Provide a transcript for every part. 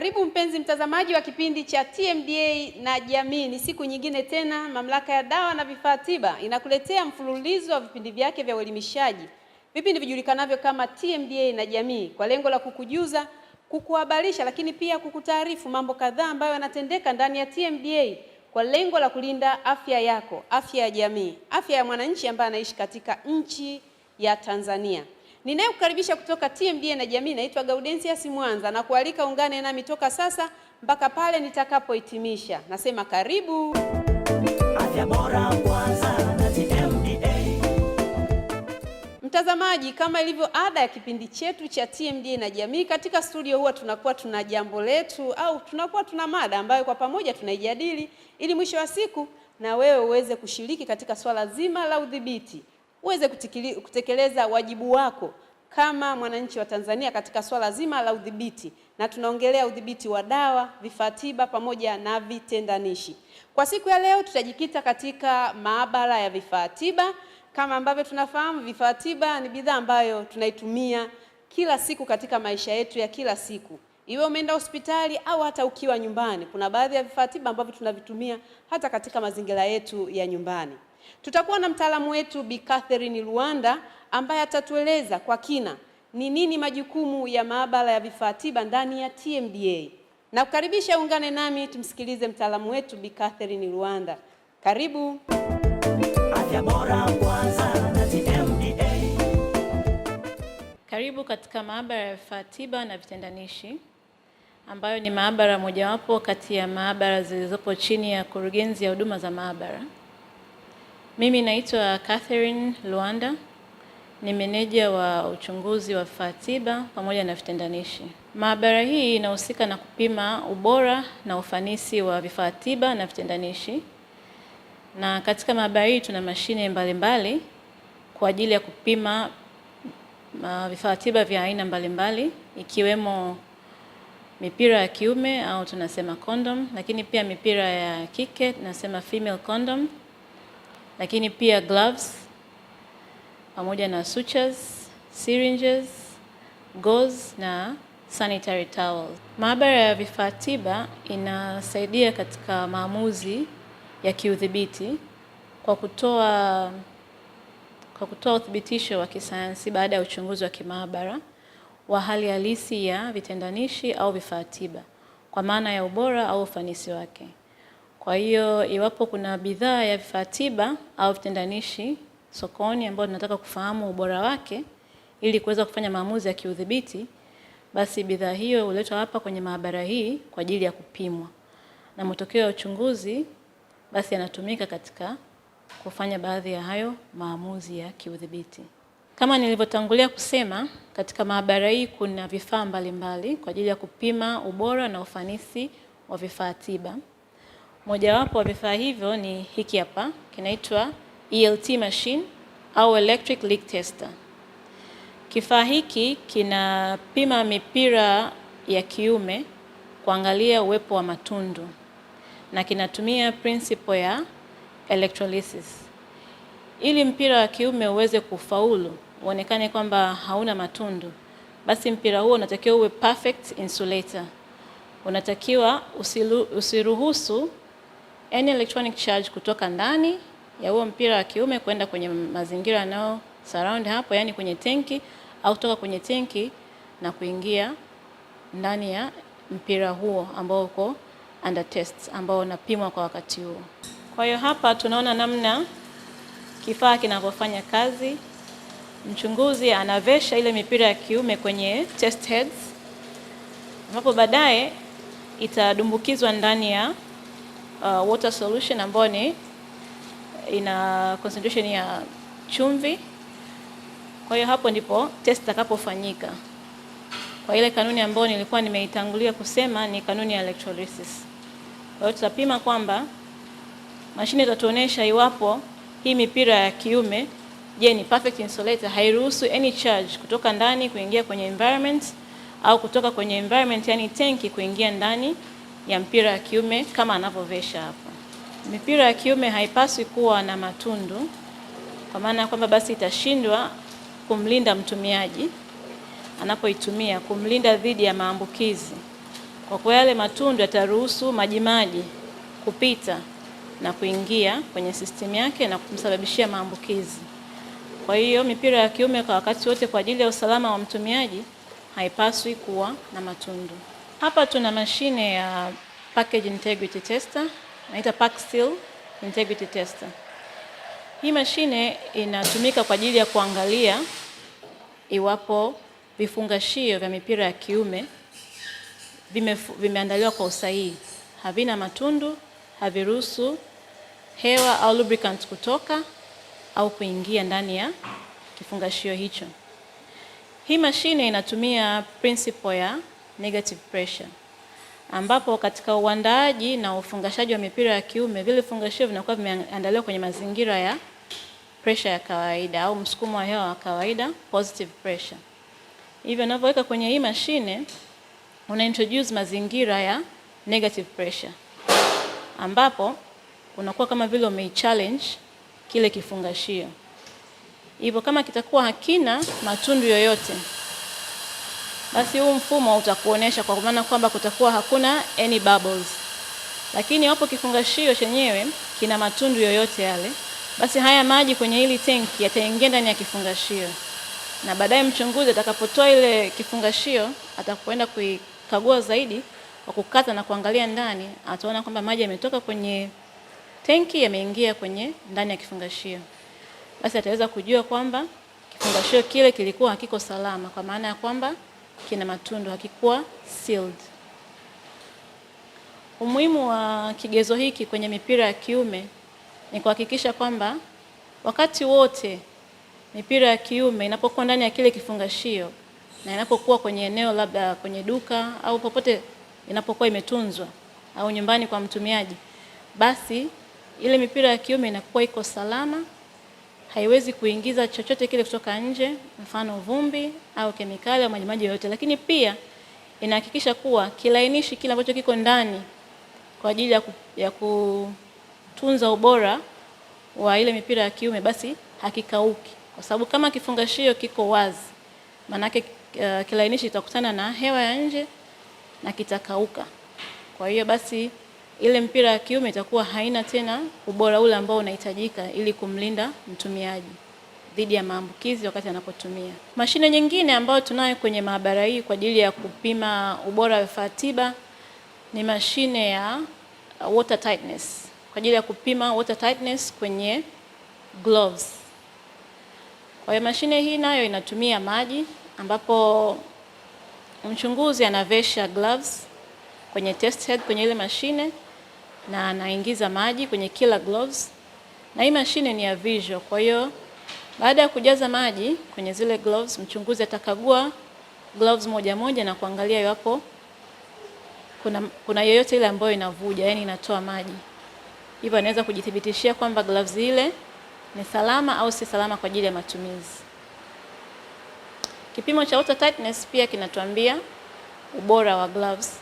Karibu mpenzi mtazamaji wa kipindi cha TMDA na Jamii. Ni siku nyingine tena, Mamlaka ya Dawa na Vifaa Tiba inakuletea mfululizo wa vipindi vyake vya uelimishaji, vipindi vijulikanavyo kama TMDA na Jamii, kwa lengo la kukujuza, kukuhabarisha, lakini pia kukutaarifu mambo kadhaa ambayo yanatendeka ndani ya TMDA kwa lengo la kulinda afya yako, afya ya jamii, afya ya mwananchi ambaye anaishi katika nchi ya Tanzania. Ninayekukaribisha kutoka TMDA na jamii naitwa Gaudensia Simwanza na kualika ungane nami toka sasa mpaka pale nitakapohitimisha. Nasema karibu. Afya Bora kwanza na TMDA. Mtazamaji, kama ilivyo ada ya kipindi chetu cha TMDA na jamii, katika studio huwa tunakuwa tuna jambo letu au tunakuwa tuna mada ambayo kwa pamoja tunaijadili ili mwisho wa siku na wewe uweze kushiriki katika swala zima la udhibiti uweze kutekeleza wajibu wako kama mwananchi wa Tanzania katika swala zima la udhibiti, na tunaongelea udhibiti wa dawa, vifaa tiba pamoja na vitendanishi. Kwa siku ya leo tutajikita katika maabara ya vifaa tiba. Kama ambavyo tunafahamu, vifaa tiba ni bidhaa ambayo tunaitumia kila siku katika maisha yetu ya kila siku, iwe umeenda hospitali au hata ukiwa nyumbani. Kuna baadhi ya vifaa tiba ambavyo tunavitumia hata katika mazingira yetu ya nyumbani. Tutakuwa na mtaalamu wetu Bi Catherine Luanda ambaye atatueleza kwa kina ni nini majukumu ya maabara ya vifaa tiba ndani ya TMDA. Na kukaribisha ungane nami tumsikilize mtaalamu wetu Bi Catherine Luanda. Karibu. Afya bora kwanza na TMDA. Karibu katika maabara ya vifaa tiba na vitendanishi ambayo ni maabara mojawapo kati ya maabara zilizopo chini ya Kurugenzi ya Huduma za Maabara. Mimi naitwa Catherine Luanda, ni meneja wa uchunguzi wa vifaa tiba pamoja na vitendanishi. Maabara hii inahusika na kupima ubora na ufanisi wa vifaa tiba na vitendanishi, na katika maabara hii tuna mashine mbalimbali mbali kwa ajili ya kupima vifaa tiba vya aina mbalimbali mbali, ikiwemo mipira ya kiume au tunasema condom, lakini pia mipira ya kike tunasema female condom lakini pia gloves pamoja na sutures, syringes, gauze na sanitary towels. Maabara ya vifaa tiba inasaidia katika maamuzi ya kiudhibiti kwa kutoa kwa kutoa uthibitisho wa kisayansi baada ya uchunguzi wa kimaabara wa hali halisi ya vitendanishi au vifaa tiba kwa maana ya ubora au ufanisi wake. Kwa hiyo iwapo kuna bidhaa ya vifaa tiba au vitendanishi sokoni ambayo tunataka kufahamu ubora wake ili kuweza kufanya maamuzi ya kiudhibiti, basi bidhaa hiyo huletwa hapa kwenye maabara hii kwa ajili ya kupimwa, na matokeo ya uchunguzi basi yanatumika katika kufanya baadhi ya hayo maamuzi ya kiudhibiti. Kama nilivyotangulia kusema, katika maabara hii kuna vifaa mbalimbali kwa ajili ya kupima ubora na ufanisi wa vifaa tiba. Mojawapo wa vifaa hivyo ni hiki hapa, kinaitwa ELT machine au electric leak tester. Kifaa hiki kinapima mipira ya kiume kuangalia uwepo wa matundu na kinatumia principle ya electrolysis. Ili mpira wa kiume uweze kufaulu, uonekane kwamba hauna matundu, basi mpira huo unatakiwa uwe perfect insulator, unatakiwa usiruhusu any electronic charge kutoka ndani ya huo mpira wa kiume kwenda kwenye mazingira yanayo surround hapo, yani kwenye tenki au kutoka kwenye tenki na kuingia ndani ya mpira huo ambao uko under test, ambao unapimwa kwa wakati huo. Kwa hiyo hapa tunaona namna kifaa kinavyofanya kazi. Mchunguzi anavesha ile mipira ya kiume kwenye test heads, ambapo baadaye itadumbukizwa ndani ya uh, water solution ambayo ni ina concentration ya chumvi. Kwa hiyo hapo ndipo test itakapofanyika kwa ile kanuni ambayo nilikuwa nimeitangulia kusema ni kanuni ya electrolysis. Kwa hiyo tutapima kwamba mashine itatuonesha iwapo hii mipira ya kiume, je, ni perfect insulator, hairuhusu any charge kutoka ndani kuingia kwenye environment au kutoka kwenye environment, yani tanki kuingia ndani ya mpira wa kiume kama anavyovesha hapo Mipira ya kiume haipaswi kuwa na matundu, kwa maana ya kwamba basi itashindwa kumlinda mtumiaji anapoitumia, kumlinda dhidi ya maambukizi, kwa kuwa yale matundu yataruhusu majimaji kupita na kuingia kwenye sistemu yake na kumsababishia maambukizi. Kwa hiyo mipira ya kiume kwa wakati wote, kwa ajili ya usalama wa mtumiaji, haipaswi kuwa na matundu. Hapa tuna mashine ya package integrity tester, naita seal integrity tester. Hii mashine inatumika kwa ajili ya kuangalia iwapo vifungashio vya mipira ya kiume vime, vimeandaliwa kwa usahihi, havina matundu, haviruhusu hewa au lubricant kutoka au kuingia ndani ya kifungashio hicho. Hii mashine inatumia principle ya negative pressure, ambapo katika uandaaji na ufungashaji wa mipira ya kiume vile vifungashio vinakuwa vimeandaliwa kwenye mazingira ya pressure ya kawaida au msukumo wa hewa wa kawaida, positive pressure. Hivyo unavyoweka kwenye hii mashine una introduce mazingira ya negative pressure, ambapo unakuwa kama vile umeichallenge kile kifungashio. Hivyo kama kitakuwa hakina matundu yoyote basi huu mfumo utakuonesha kwa maana kwamba kutakuwa hakuna any bubbles. Lakini wapo kifungashio chenyewe kina matundu yoyote yale, basi haya maji kwenye hili tenki yataingia ndani ya kifungashio, na baadaye mchunguzi atakapotoa ile kifungashio atakwenda kuikagua zaidi kwa kukata na kuangalia ndani, ataona kwamba maji yametoka kwenye tenki yameingia kwenye ndani ya kifungashio, basi ataweza kujua kwamba kifungashio kile kilikuwa hakiko salama, kwa maana ya kwamba kina matundu hakikuwa sealed. Umuhimu wa kigezo hiki kwenye mipira ya kiume ni kuhakikisha kwamba wakati wote mipira ya kiume inapokuwa ndani ya kile kifungashio na inapokuwa kwenye eneo labda kwenye duka au popote inapokuwa imetunzwa au nyumbani kwa mtumiaji, basi ile mipira ya kiume inakuwa iko salama haiwezi kuingiza chochote kile kutoka nje, mfano vumbi au kemikali au majimaji yoyote, lakini pia inahakikisha kuwa kilainishi kile ambacho kiko ndani kwa ajili ya, kutunza ubora wa ile mipira ya kiume basi hakikauki, kwa sababu kama kifungashio kiko wazi, maanake uh, eh, kilainishi itakutana na hewa ya nje na kitakauka. Kwa hiyo basi ile mpira ya kiume itakuwa haina tena ubora ule ambao unahitajika ili kumlinda mtumiaji dhidi ya maambukizi wakati anapotumia. Mashine nyingine ambayo tunayo kwenye maabara hii kwa ajili ya kupima ubora wa vifaa tiba ni mashine ya water tightness kwa ajili ya kupima water tightness kwenye gloves. Kwa hiyo mashine hii nayo inatumia maji ambapo mchunguzi anavesha gloves kwenye test head kwenye ile mashine na anaingiza maji kwenye kila gloves, na hii mashine ni ya visual. Kwa hiyo baada ya kujaza maji kwenye zile gloves, mchunguzi atakagua gloves moja moja na kuangalia iwapo kuna, kuna yoyote ile ambayo inavuja, yani inatoa maji. Hivyo anaweza kujithibitishia kwamba gloves ile ni salama au si salama kwa ajili ya matumizi. Kipimo cha water tightness pia kinatuambia ubora wa gloves.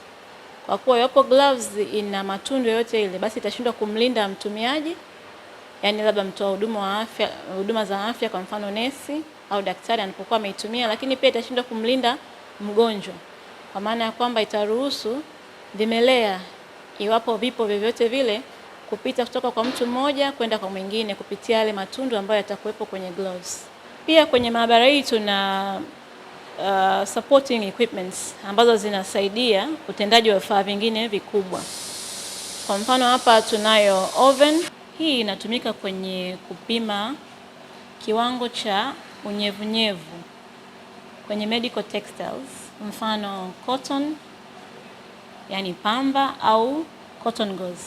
Kwa kuwa iwapo gloves ina matundu yoyote ile, basi itashindwa kumlinda mtumiaji, yani labda mtoa huduma wa afya, huduma za afya, kwa mfano nesi au daktari anapokuwa ameitumia, lakini pia itashindwa kumlinda mgonjwa, kwa maana ya kwamba itaruhusu vimelea, iwapo vipo vyovyote vile, kupita kutoka kwa mtu mmoja kwenda kwa mwingine kupitia yale matundu ambayo yatakuwepo kwenye gloves. Pia kwenye maabara hii tuna uh, supporting equipments ambazo zinasaidia utendaji wa vifaa vingine vikubwa. Kwa mfano hapa tunayo oven. Hii inatumika kwenye kupima kiwango cha unyevunyevu kwenye medical textiles, mfano cotton, yani pamba au cotton gauze,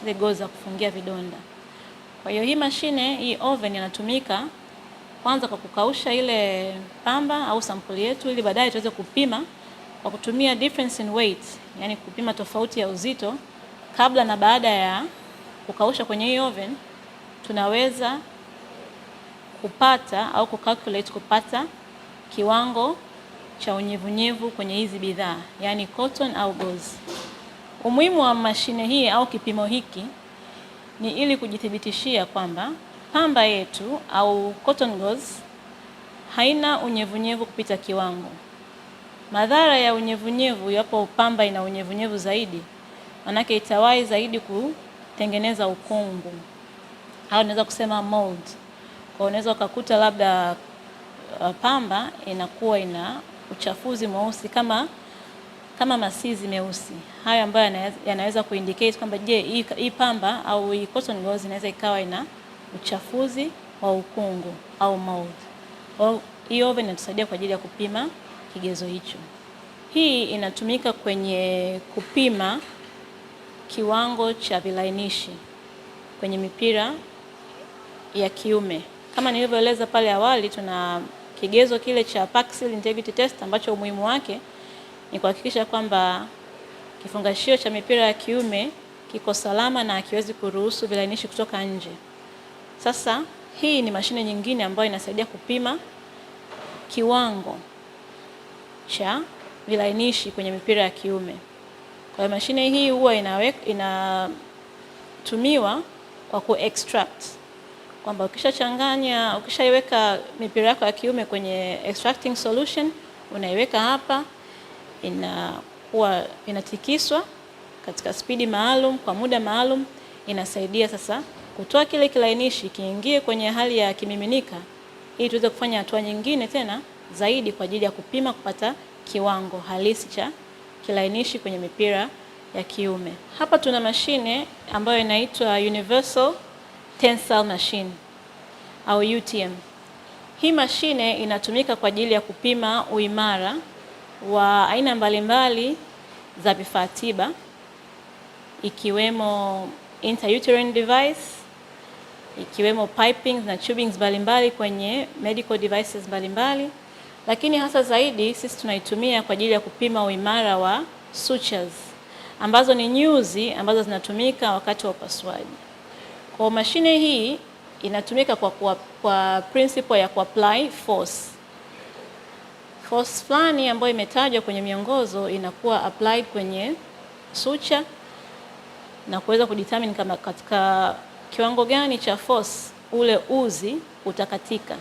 zile gauze za kufungia vidonda. Kwa hiyo hii mashine, hii oven inatumika kwanza kwa kukausha ile pamba au sampuli yetu, ili baadaye tuweze kupima kwa kutumia difference in weight, yani kupima tofauti ya uzito kabla na baada ya kukausha kwenye hii oven, tunaweza kupata au kucalculate kupata kiwango cha unyevunyevu kwenye hizi bidhaa, yani cotton au gauze. Umuhimu wa mashine hii au kipimo hiki ni ili kujithibitishia kwamba Pamba yetu au cotton gauze haina unyevunyevu kupita kiwango. Madhara ya unyevunyevu, iwapo pamba ina unyevunyevu zaidi, manake itawahi zaidi kutengeneza ukungu au unaweza kusema mold. Kwa unaweza ukakuta labda uh, pamba inakuwa ina uchafuzi mweusi kama kama masizi meusi hayo ambayo yanaweza kuindicate kwamba je, hii pamba au hii cotton gauze inaweza ikawa ina uchafuzi wa ukungu au mold. Hii oven inatusaidia kwa ajili ya kupima kigezo hicho. Hii inatumika kwenye kupima kiwango cha vilainishi kwenye mipira ya kiume. Kama nilivyoeleza pale awali, tuna kigezo kile cha Paxil Integrity Test ambacho umuhimu wake ni kuhakikisha kwamba kifungashio cha mipira ya kiume kiko salama na hakiwezi kuruhusu vilainishi kutoka nje. Sasa hii ni mashine nyingine ambayo inasaidia kupima kiwango cha vilainishi kwenye mipira ya kiume. Kwa hiyo mashine hii huwa inatumiwa kwa ku extract kwamba ukishachanganya, ukishaiweka mipira yako ya kiume kwenye extracting solution, unaiweka hapa, inakuwa inatikiswa katika spidi maalum kwa muda maalum, inasaidia sasa kutoa kile kilainishi kiingie kwenye hali ya kimiminika, ili tuweze kufanya hatua nyingine tena zaidi kwa ajili ya kupima kupata kiwango halisi cha kilainishi kwenye mipira ya kiume. Hapa tuna mashine ambayo inaitwa Universal Tensile Machine au UTM. Hii mashine inatumika kwa ajili ya kupima uimara wa aina mbalimbali za vifaa tiba ikiwemo intrauterine device ikiwemo pipings na tubings mbalimbali kwenye medical devices mbalimbali, lakini hasa zaidi sisi tunaitumia kwa ajili ya kupima uimara wa sutures ambazo ni nyuzi ambazo zinatumika wakati wa upasuaji. Kwa mashine hii inatumika kwa, kwa, kwa principle ya kuapply force force fulani ambayo imetajwa kwenye miongozo inakuwa applied kwenye sucha na kuweza kudetermine kama katika kiwango gani cha force ule uzi utakatika,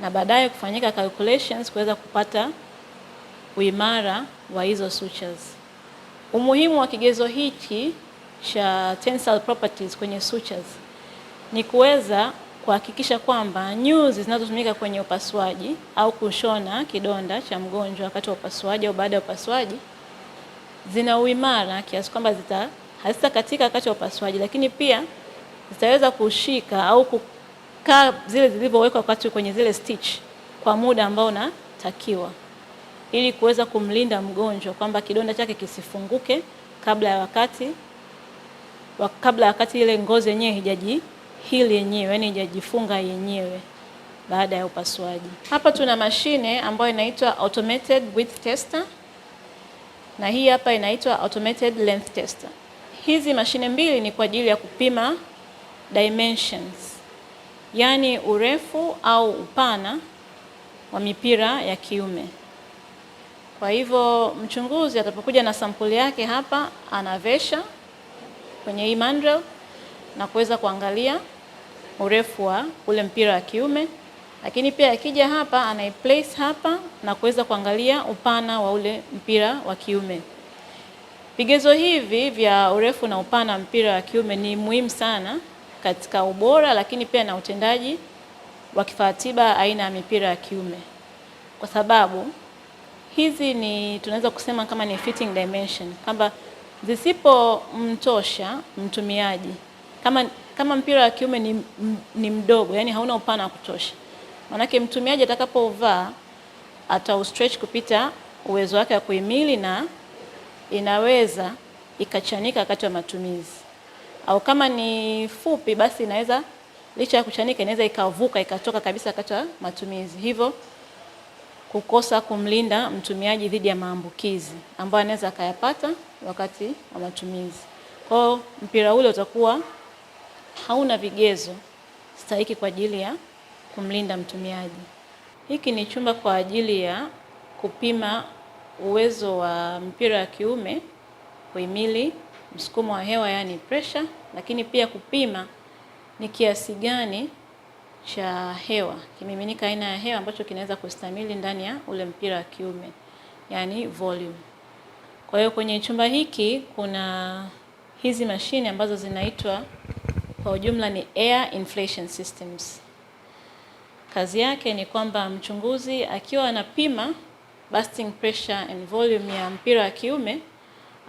na baadaye kufanyika calculations kuweza kupata uimara wa hizo sutures. Umuhimu wa kigezo hiki cha tensile properties kwenye sutures ni kuweza kuhakikisha kwamba nyuzi zinazotumika kwenye upasuaji au kushona kidonda cha mgonjwa wakati wa upasuaji au baada ya upasuaji zina uimara kiasi kwamba hazitakatika wakati wa upasuaji, lakini pia zitaweza kushika au kukaa zile zilivyowekwa wakati kwenye zile stitch kwa muda ambao unatakiwa, ili kuweza kumlinda mgonjwa kwamba kidonda chake kisifunguke kabla ya wakati kabla ya wakati ile ngozi yenyewe hijaji hili yenyewe yani hijajifunga yenyewe baada ya upasuaji. Hapa tuna mashine ambayo inaitwa automated width tester na hii hapa inaitwa automated length tester. Hizi mashine mbili ni kwa ajili ya kupima dimensions, yaani urefu au upana wa mipira ya kiume. Kwa hivyo mchunguzi atapokuja na sampuli yake hapa, anavesha kwenye hii mandrel na kuweza kuangalia urefu wa ule mpira wa kiume, lakini pia akija hapa anaiplace hapa na kuweza kuangalia upana wa ule mpira wa kiume. Vigezo hivi vya urefu na upana wa mpira wa kiume ni muhimu sana katika ubora, lakini pia na utendaji wa kifaa tiba aina ya mipira ya kiume, kwa sababu hizi ni tunaweza kusema kama ni fitting dimension, kwamba zisipomtosha mtumiaji kama, kama mpira wa kiume ni, ni mdogo yani hauna upana wa kutosha, maanake mtumiaji atakapovaa stretch kupita uwezo wake wa kuhimili na inaweza ikachanika wakati wa matumizi au kama ni fupi, basi inaweza licha ya kuchanika inaweza ikavuka ikatoka kabisa kata matumizi, hivyo kukosa kumlinda mtumiaji dhidi ya maambukizi ambayo anaweza akayapata wakati wa matumizi. Kwa mpira ule utakuwa hauna vigezo stahiki kwa ajili ya kumlinda mtumiaji. Hiki ni chumba kwa ajili ya kupima uwezo wa mpira wa kiume kuhimili msukumo wa hewa yani pressure, lakini pia kupima ni kiasi gani cha hewa kimiminika aina ya hewa ambacho kinaweza kustamili ndani ya ule mpira wa kiume yani volume. Kwa hiyo kwenye chumba hiki kuna hizi mashine ambazo zinaitwa kwa ujumla ni air inflation systems. Kazi yake ni kwamba mchunguzi akiwa anapima bursting pressure and volume ya mpira wa kiume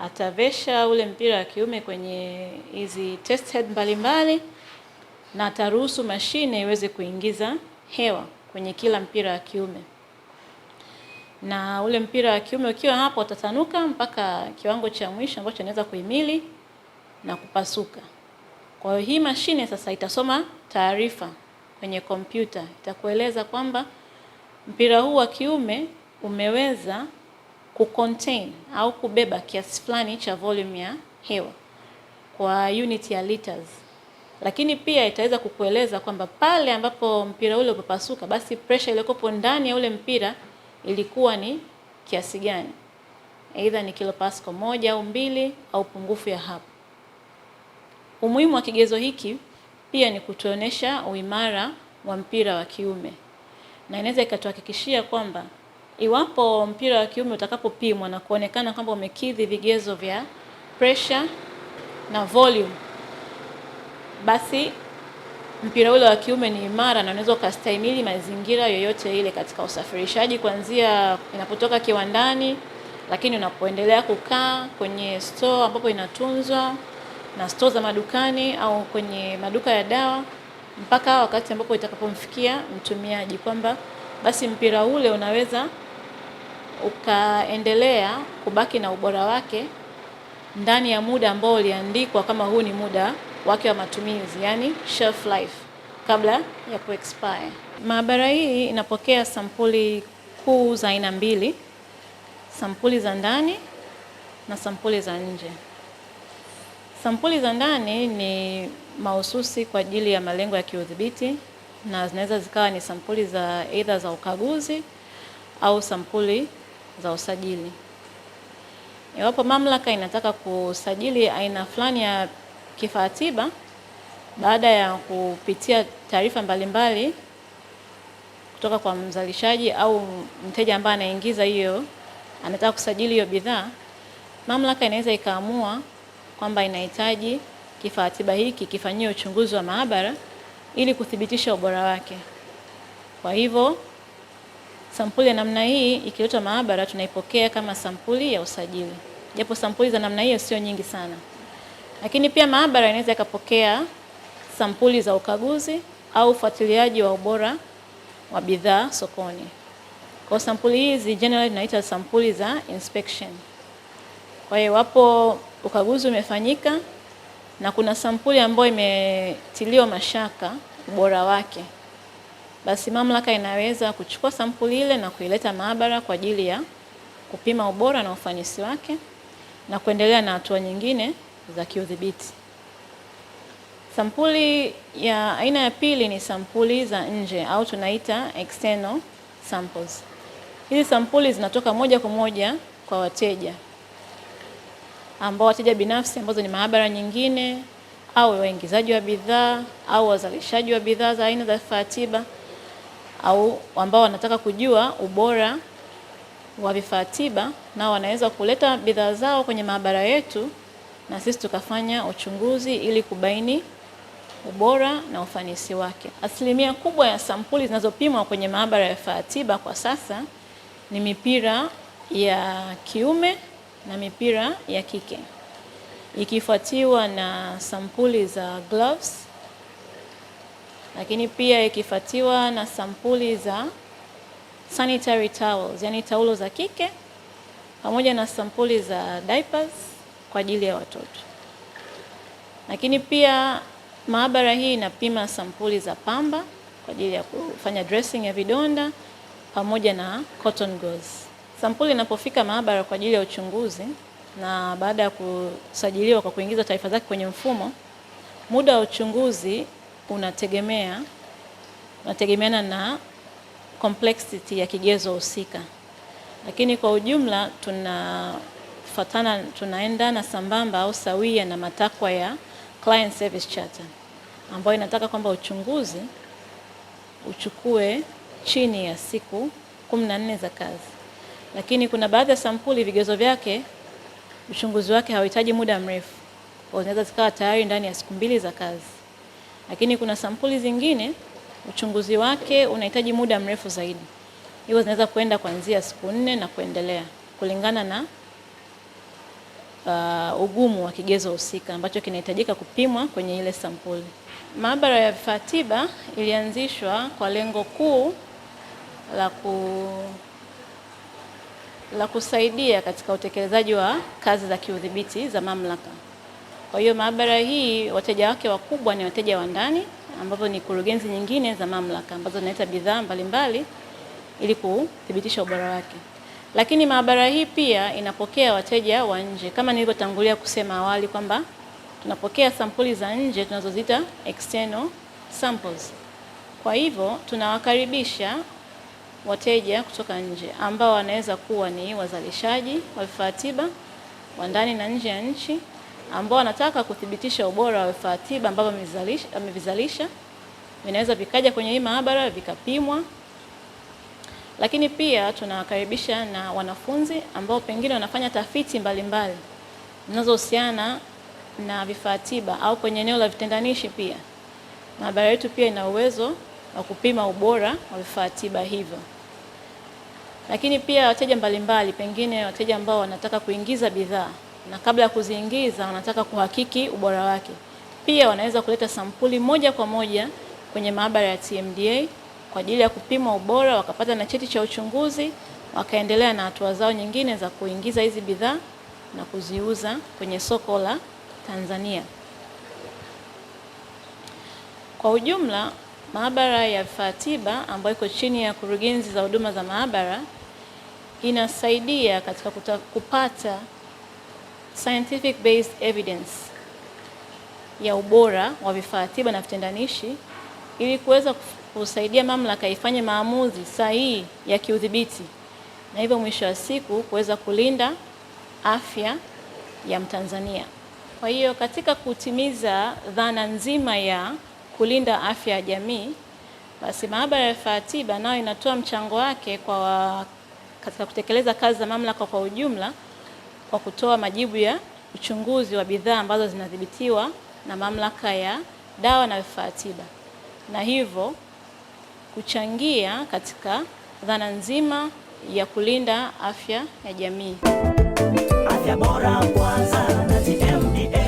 atavesha ule mpira wa kiume kwenye hizi test head mbalimbali na ataruhusu mashine iweze kuingiza hewa kwenye kila mpira wa kiume, na ule mpira wa kiume ukiwa hapo utatanuka mpaka kiwango cha mwisho ambacho inaweza kuhimili na kupasuka. Kwa hiyo hii mashine sasa itasoma taarifa kwenye kompyuta, itakueleza kwamba mpira huu wa kiume umeweza kucontain au kubeba kiasi fulani cha volume ya hewa kwa unit ya liters, lakini pia itaweza kukueleza kwamba pale ambapo mpira ule upapasuka, basi pressure iliyokuwa ndani ya ule mpira ilikuwa ni kiasi gani, aidha ni kilopasco moja au mbili au pungufu ya hapo. Umuhimu wa kigezo hiki pia ni kutuonesha uimara wa mpira wa kiume na inaweza ikatuhakikishia kwamba Iwapo mpira wa kiume utakapopimwa na kuonekana kwamba umekidhi vigezo vya pressure na volume, basi mpira ule wa kiume ni imara na unaweza ukastahimili mazingira yoyote ile katika usafirishaji, kuanzia inapotoka kiwandani, lakini unapoendelea kukaa kwenye store ambapo inatunzwa na store za madukani au kwenye maduka ya dawa, mpaka wakati ambapo itakapomfikia mtumiaji, kwamba basi mpira ule unaweza ukaendelea kubaki na ubora wake ndani ya muda ambao uliandikwa kama huu ni muda wake wa matumizi, yani shelf life, kabla ya kuexpire. Maabara hii inapokea sampuli kuu za aina mbili, sampuli za ndani na sampuli za nje. Sampuli za ndani ni mahususi kwa ajili ya malengo ya kiudhibiti na zinaweza zikawa ni sampuli za aidha za ukaguzi au sampuli za usajili. Iwapo mamlaka inataka kusajili aina fulani ya kifaa tiba, baada ya kupitia taarifa mbalimbali kutoka kwa mzalishaji au mteja ambaye anaingiza hiyo, anataka kusajili hiyo bidhaa, mamlaka inaweza ikaamua kwamba inahitaji kifaa tiba hiki kifanyie uchunguzi wa maabara ili kuthibitisha ubora wake. Kwa hivyo Sampuli ya namna hii ikiletwa maabara tunaipokea kama sampuli ya usajili, japo sampuli za namna hiyo sio nyingi sana. Lakini pia maabara inaweza ikapokea sampuli za ukaguzi au ufuatiliaji wa ubora wa bidhaa sokoni. Kwa sampuli hizi generally tunaita sampuli za inspection. Kwa hiyo wapo ukaguzi umefanyika na kuna sampuli ambayo imetiliwa mashaka ubora wake basi mamlaka inaweza kuchukua sampuli ile na kuileta maabara kwa ajili ya kupima ubora na ufanisi wake na kuendelea na hatua nyingine za kiudhibiti. Sampuli ya aina ya pili ni sampuli za nje au tunaita external samples. Hizi sampuli zinatoka moja kwa moja kwa wateja ambao wateja binafsi ambazo ni maabara nyingine au waingizaji wa bidhaa au wazalishaji wa bidhaa za aina za vifaa tiba au ambao wanataka kujua ubora wa vifaa tiba, nao wanaweza kuleta bidhaa zao kwenye maabara yetu na sisi tukafanya uchunguzi ili kubaini ubora na ufanisi wake. Asilimia kubwa ya sampuli zinazopimwa kwenye maabara ya vifaa tiba kwa sasa ni mipira ya kiume na mipira ya kike ikifuatiwa na sampuli za gloves lakini pia ikifuatiwa na sampuli za sanitary towels, yani taulo za kike pamoja na sampuli za diapers kwa ajili ya watoto. Lakini pia maabara hii inapima sampuli za pamba kwa ajili ya kufanya dressing ya vidonda pamoja na cotton gauze. Sampuli inapofika maabara kwa ajili ya uchunguzi na baada ya kusajiliwa kwa kuingiza taarifa zake kwenye mfumo, muda wa uchunguzi unategemea unategemeana na complexity ya kigezo husika, lakini kwa ujumla tunafatana, tunaendana sambamba au sawia na matakwa ya Client Service Charter ambayo inataka kwamba uchunguzi uchukue chini ya siku 14 za kazi, lakini kuna baadhi ya sampuli vigezo vyake uchunguzi wake hauhitaji muda mrefu, unaweza zikawa tayari ndani ya siku mbili za kazi lakini kuna sampuli zingine uchunguzi wake unahitaji muda mrefu zaidi, hiyo zinaweza kwenda kuanzia siku nne na kuendelea kulingana na uh, ugumu wa kigezo husika ambacho kinahitajika kupimwa kwenye ile sampuli. Maabara ya vifaa tiba ilianzishwa kwa lengo kuu la ku la kusaidia katika utekelezaji wa kazi za kiudhibiti za mamlaka. Kwa hiyo maabara hii wateja wake wakubwa ni wateja wa ndani ambazo ni kurugenzi nyingine za mamlaka ambazo zinaleta bidhaa mbalimbali ili kuthibitisha ubora wake. Lakini maabara hii pia inapokea wateja wa nje, kama nilivyotangulia kusema awali kwamba tunapokea sampuli za nje tunazoziita external samples. Kwa hivyo tunawakaribisha wateja kutoka nje ambao wanaweza kuwa ni wazalishaji wa vifaa tiba wa ndani na nje ya nchi ambao wanataka kuthibitisha ubora wa vifaa tiba ambavyo amevizalisha vinaweza vikaja kwenye hii maabara vikapimwa. Lakini pia tunawakaribisha na wanafunzi ambao pengine wanafanya tafiti mbalimbali zinazohusiana na vifaa tiba au kwenye eneo la vitendanishi. Pia maabara yetu pia ina uwezo wa kupima ubora wa vifaa tiba hivyo. Lakini pia wateja mbalimbali, pengine wateja ambao wanataka kuingiza bidhaa na kabla ya kuziingiza wanataka kuhakiki ubora wake. Pia wanaweza kuleta sampuli moja kwa moja kwenye maabara ya TMDA kwa ajili ya kupima ubora, wakapata na cheti cha uchunguzi, wakaendelea na hatua zao nyingine za kuingiza hizi bidhaa na kuziuza kwenye soko la Tanzania. Kwa ujumla, maabara ya vifaa tiba ambayo iko chini ya kurugenzi za huduma za maabara inasaidia katika kuta, kupata scientific based evidence ya ubora wa vifaa tiba na vitendanishi ili kuweza kusaidia mamlaka ifanye maamuzi sahihi ya kiudhibiti na hivyo mwisho wa siku kuweza kulinda afya ya Mtanzania. Kwa hiyo katika kutimiza dhana nzima ya kulinda afya ya jamii, basi maabara ya vifaa tiba nayo inatoa mchango wake kwa katika kutekeleza kazi za mamlaka kwa ujumla kwa kutoa majibu ya uchunguzi wa bidhaa ambazo zinadhibitiwa na Mamlaka ya Dawa na Vifaa Tiba na hivyo kuchangia katika dhana nzima ya kulinda afya ya jamii. Afya bora kwanza na TMDA.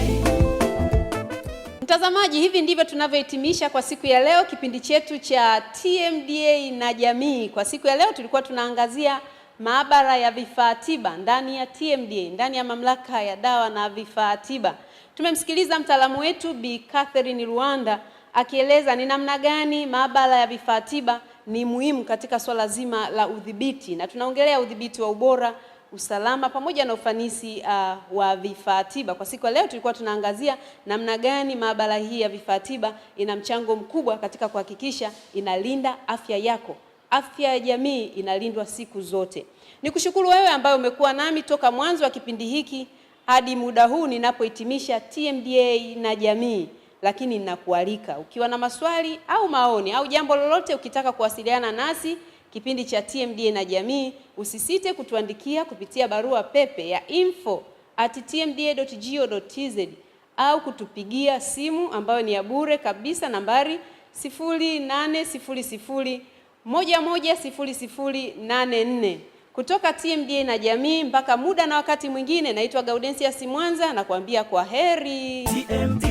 Mtazamaji, hivi ndivyo tunavyohitimisha kwa siku ya leo kipindi chetu cha TMDA na jamii. Kwa siku ya leo tulikuwa tunaangazia maabara ya vifaa tiba ndani ya TMDA, ndani ya mamlaka ya dawa na vifaa tiba. Tumemsikiliza mtaalamu wetu Bi Catherine Rwanda akieleza ni namna gani maabara ya vifaa tiba ni muhimu katika swala zima la udhibiti, na tunaongelea udhibiti wa ubora, usalama pamoja na ufanisi uh, wa vifaa tiba. Kwa siku ya leo tulikuwa tunaangazia namna gani maabara hii ya vifaa tiba ina mchango mkubwa katika kuhakikisha inalinda afya yako afya ya jamii inalindwa siku zote. Nikushukuru wewe ambaye umekuwa nami toka mwanzo wa kipindi hiki hadi muda huu ninapohitimisha TMDA na jamii, lakini ninakualika ukiwa na maswali au maoni au jambo lolote, ukitaka kuwasiliana nasi kipindi cha TMDA na jamii, usisite kutuandikia kupitia barua pepe ya info at tmda.go.tz au kutupigia simu ambayo ni ya bure kabisa, nambari 0800 moja moja sifuri sifuri nane nne kutoka TMDA na jamii. Mpaka muda na wakati mwingine, naitwa Gaudensia Simwanza na kuambia kwa heri TMD.